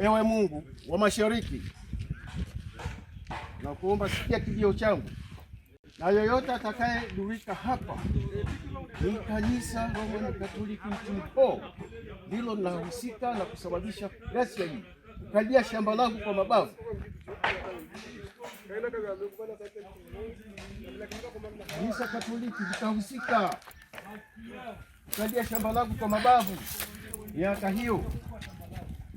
Ewe Mungu wa mashariki, nakuomba sikia kilio changu, na yoyote atakayedurika hapa ni kanisa Roman Katoliki mchini mkoo ndilo linahusika na kusababisha ghasia hii, ukalia shamba langu kwa mabavu. Kanisa Katoliki litahusika, ukalia shamba langu kwa mabavu miaka hiyo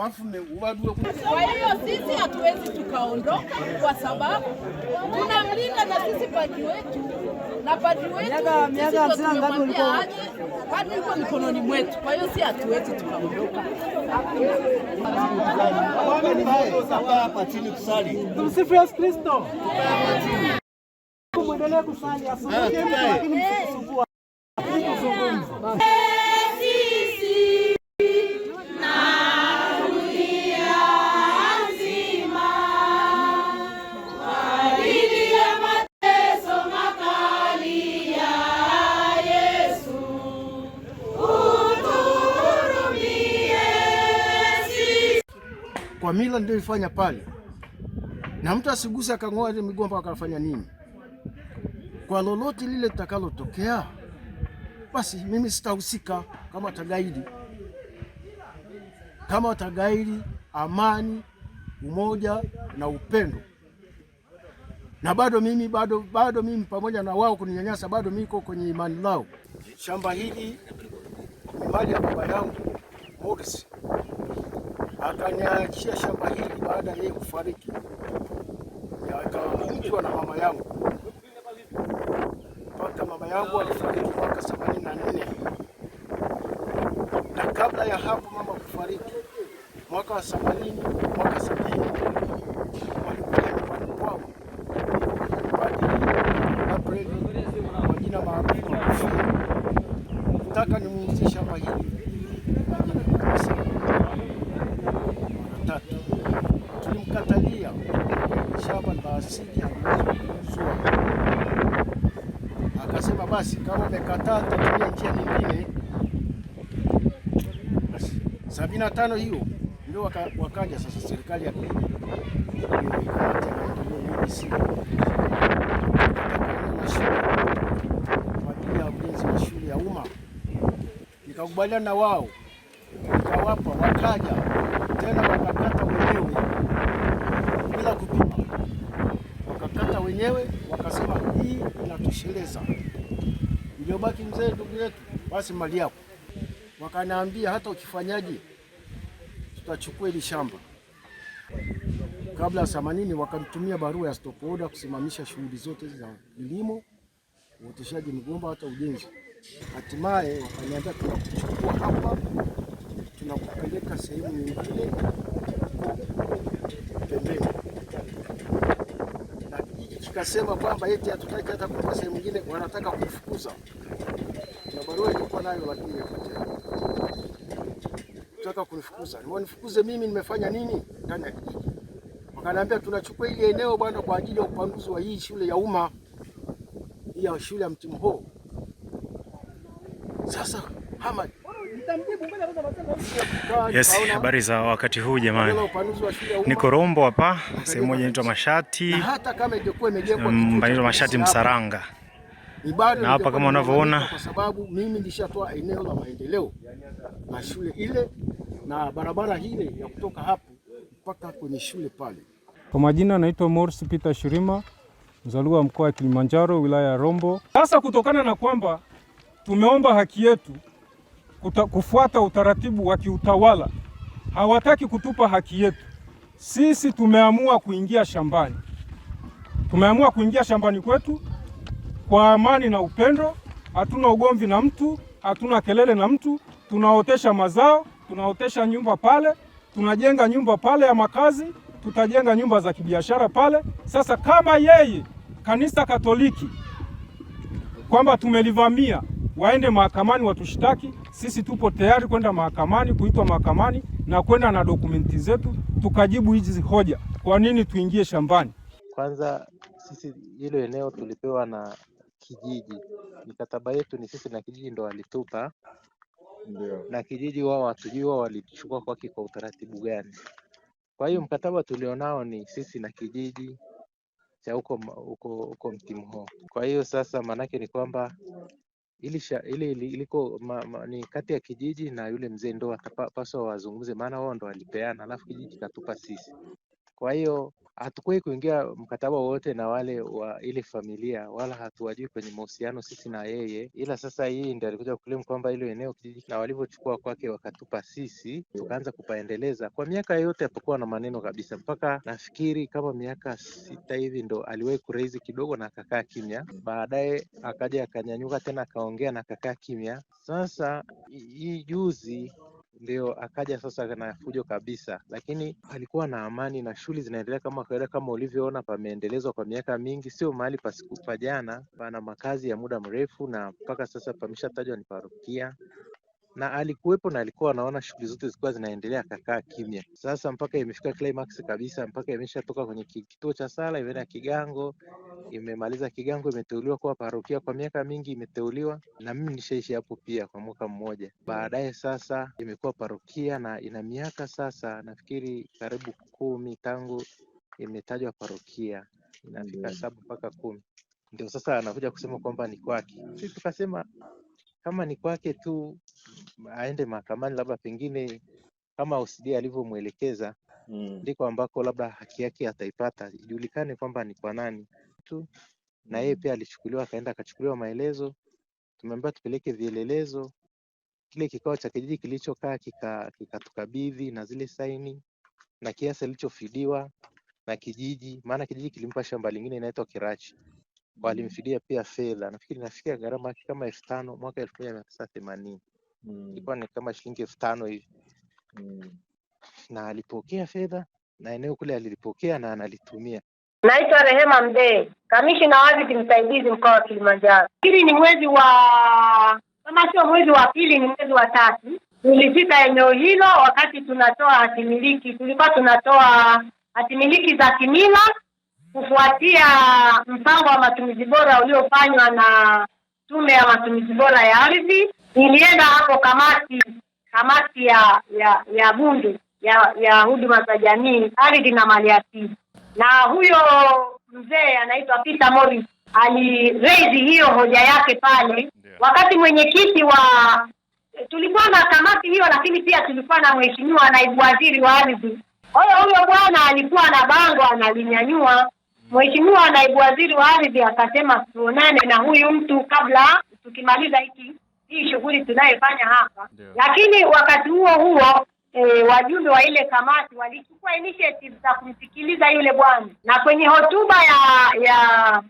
Kwa hiyo sisi hatuwezi tukaondoka, kwa sababu tunamlinda na sisi padri wetu na padri wetu aje hadi uko mikononi mwetu. Kwa hiyo si hatuwezi tukaondoka. Tumsifu Yesu Kristo. Mwendelee kusali, eh, lakini msikusumbua eh. kwa mila ndio pale, na mtu asiguse akang'oa ile migomba akafanya nini. Kwa lolote lile litakalotokea, basi mimi sitahusika kama tagaidi kama tagaidi amani, umoja na upendo na bado mimi bado bado mimi pamoja na wao kuninyanyasa, bado miko kwenye imani lao. Shamba hili ni mali ya baba yangu Morris akaniachia shamba hili baada ya yeye kufariki, yakamilikiwa na mama yangu mpaka mama yangu alifariki mwaka themanini na nne na kabla ya hapo mama kufariki mwaka wa themanini mwaka sabini walikuja nyumbani kwangu kwa jina maarufu kutaka nimuuzie shamba hili kama umekataa tutatumia njia nyingine. sabini na tano hiyo ndio waka, wakaja sasa serikali ya kwa ajili ya ujenzi wa shule ya umma na wao, nikawapa, wakaja tena wakakata wenyewe bila kupima, wakakata wenyewe, wakasema hii inatosheleza uliobaki mzee, ndugu yetu, basi mali yako. Wakaniambia hata ukifanyaje, tutachukua hili shamba kabla ya themanini. Wakanitumia barua ya stop order kusimamisha shughuli zote za kilimo, uoteshaji mgomba, hata ujenzi. Hatimaye wakaniambia tunakuchukua hapa, tunakupeleka sehemu nyingine pembeni tukasema kwamba eti hatutaki hata kutoka sehemu nyingine, wanataka kufukuza na barua ilikuwa nayo, lakini nataka kunifukuza. wanifukuze mimi, nimefanya nini ndani ya kijiji? Wakaniambia tunachukua ile eneo bwana, kwa ajili ya upanuzi wa hii shule ya umma ya shule ya Mtimhoo. Sasa Hamad Yes, habari za wakati huu jamani. Niko Rombo hapa, sehemu moja inaitwa Mashati. Hata mm, Inaitwa Mashati Msaranga. Na hapa kama unavyoona kwa sababu mimi nilishatoa eneo la maendeleo na shule ile na barabara ile ya kutoka hapo mpaka kwenye shule pale. Kwa majina naitwa Morsi Peter Shirima, mzaliwa wa mkoa wa Kilimanjaro, wilaya ya Rombo. Sasa kutokana na kwamba tumeomba haki yetu kuta, kufuata utaratibu wa kiutawala. Hawataki kutupa haki yetu. Sisi tumeamua kuingia shambani, tumeamua kuingia shambani kwetu kwa amani na upendo. Hatuna ugomvi na mtu, hatuna kelele na mtu. Tunaotesha mazao, tunaotesha nyumba pale, tunajenga nyumba pale ya makazi, tutajenga nyumba za kibiashara pale. Sasa kama yeye kanisa Katoliki kwamba tumelivamia, waende mahakamani watushtaki sisi tupo tayari kwenda mahakamani, kuitwa mahakamani na kwenda na dokumenti zetu tukajibu hizi hoja, kwa nini tuingie shambani. Kwanza sisi hilo eneo tulipewa na kijiji, mikataba yetu ni sisi na kijiji ndo walitupa Ndiyo. na kijiji wao hatujui wao walichukua kwake kwa utaratibu gani. Kwa hiyo mkataba tulionao ni sisi na kijiji cha huko huko huko Mtimho. Kwa hiyo sasa, maanake ni kwamba ili, ili, ili iliko ma, ma, ni kati ya kijiji na yule mzee ndo watapaswa wazungumze, maana wao ndo walipeana, alafu kijiji katupa sisi. Kwa hiyo hatukuwahi kuingia mkataba wowote na wale wa ile familia, wala hatuwajui kwenye mahusiano sisi na yeye, ila sasa hii ndio alikuja kuklaim kwamba hilo eneo kijiji, na walivyochukua kwake wakatupa sisi, tukaanza kupaendeleza kwa miaka yote. Hapakuwa na maneno kabisa, mpaka nafikiri kama miaka sita hivi ndo aliwahi kurehizi kidogo na akakaa kimya, baadaye akaja akanyanyuka tena akaongea na akakaa kimya. Sasa hii juzi ndio akaja sasa na fujo kabisa, lakini palikuwa na amani na shughuli zinaendelea kama kawaida, kama ulivyoona pameendelezwa kwa miaka mingi, sio mahali pasiku pa jana, pana makazi ya muda mrefu na mpaka sasa pameshatajwa ni parokia na alikuwepo na alikuwa anaona shughuli zote zilikuwa zinaendelea, akakaa kimya. Sasa mpaka imefika climax kabisa, mpaka imeshatoka kwenye kituo cha sala, imeenda Kigango, imemaliza Kigango, imeteuliwa kuwa parokia kwa miaka mingi, imeteuliwa na mimi nishaishi hapo pia kwa mwaka mmoja. Baadaye sasa imekuwa parokia na ina miaka sasa nafikiri karibu kumi tangu imetajwa parokia, inafika mm. saba mpaka kumi ndio sasa anakuja kusema kwamba ni kwake. Sisi tukasema kama ni kwake tu aende mahakamani, labda pengine kama OCD alivyomwelekeza mm. ndiko ambako labda haki yake ataipata, ijulikane kwamba ni kwa nani tu. Na yeye mm. pia alichukuliwa akaenda akachukuliwa maelezo, tumeambiwa tupeleke vielelezo. Kile kikao cha kijiji kilichokaa kikatukabidhi na zile saini na kiasi alichofidiwa na kijiji, maana kijiji kilimpa shamba lingine inaitwa Kirachi. Mm. walimfidia pia fedha, nafikiri nafikia gharama yake kama elfu tano mwaka elfu moja mia tisa themanini mm. ilikuwa ni kama shilingi elfu tano hivi mm. na alipokea fedha na eneo kule alilipokea na analitumia. Naitwa Rehema Mdee, kamishina waziti msaidizi mkoa wa Kilimanjaro. Hili ni mwezi wa kama sio mwezi wa pili, ni mwezi wa tatu, tulifika eneo hilo wakati tunatoa hatimiliki, tulikuwa tunatoa hatimiliki za kimila kufuatia mpango wa matumizi bora uliofanywa na Tume ya Matumizi Bora ya Ardhi, ilienda hapo kamati kamati ya ya ya Bunge ya ya huduma za jamii, ardhi na maliasili, na huyo mzee anaitwa Peter Morris aliraise hiyo hoja yake pale, wakati mwenyekiti wa tulikuwa na kamati hiyo, lakini pia tulikuwa na mheshimiwa naibu waziri wa ardhi. Kwa hiyo huyo bwana alikuwa na bango analinyanyua Mheshimiwa naibu waziri wa ardhi akasema tuonane na huyu mtu kabla tukimaliza hiki hii shughuli tunayofanya hapa yeah. Lakini wakati huo huo e, wajumbe wa ile kamati walichukua initiative za kumsikiliza yule bwana, na kwenye hotuba ya ya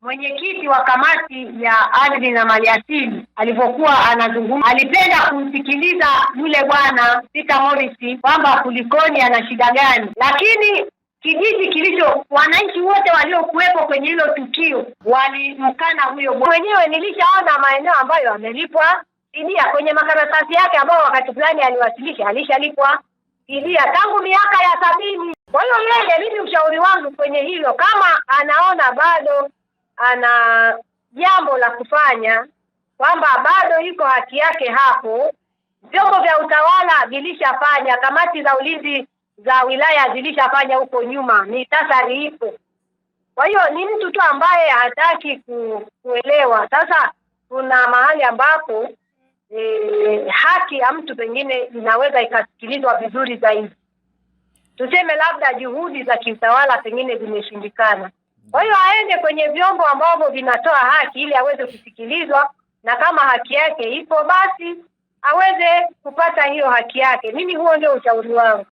mwenyekiti wa kamati ya ardhi na maliasili alivyokuwa anazungumza, alipenda kumsikiliza yule bwana Peter Morris kwamba kulikoni, ana shida gani, lakini kijiji kilicho, wananchi wote waliokuwepo kwenye hilo tukio walimkana huyo bwana. Wenyewe nilishaona maeneo ambayo amelipwa fidia kwenye makaratasi yake ambayo wakati fulani aliwasilisha, alishalipwa fidia tangu miaka ya sabini. Kwa hiyo yeye, mimi ushauri wangu kwenye hilo, kama anaona bado ana jambo la kufanya, kwamba bado iko haki yake hapo, vyombo vya utawala vilishafanya, kamati za ulinzi za wilaya zilishafanya huko nyuma, ni tasari ipo. Kwa hiyo ni mtu tu ambaye hataki kuelewa. Sasa kuna mahali ambapo e, haki ya mtu pengine inaweza ikasikilizwa vizuri zaidi. Tuseme labda juhudi za kiutawala pengine zimeshindikana, kwa hiyo aende kwenye vyombo ambavyo vinatoa haki ili aweze kusikilizwa, na kama haki yake ipo basi aweze kupata hiyo haki yake. Mimi huo ndio ushauri wangu.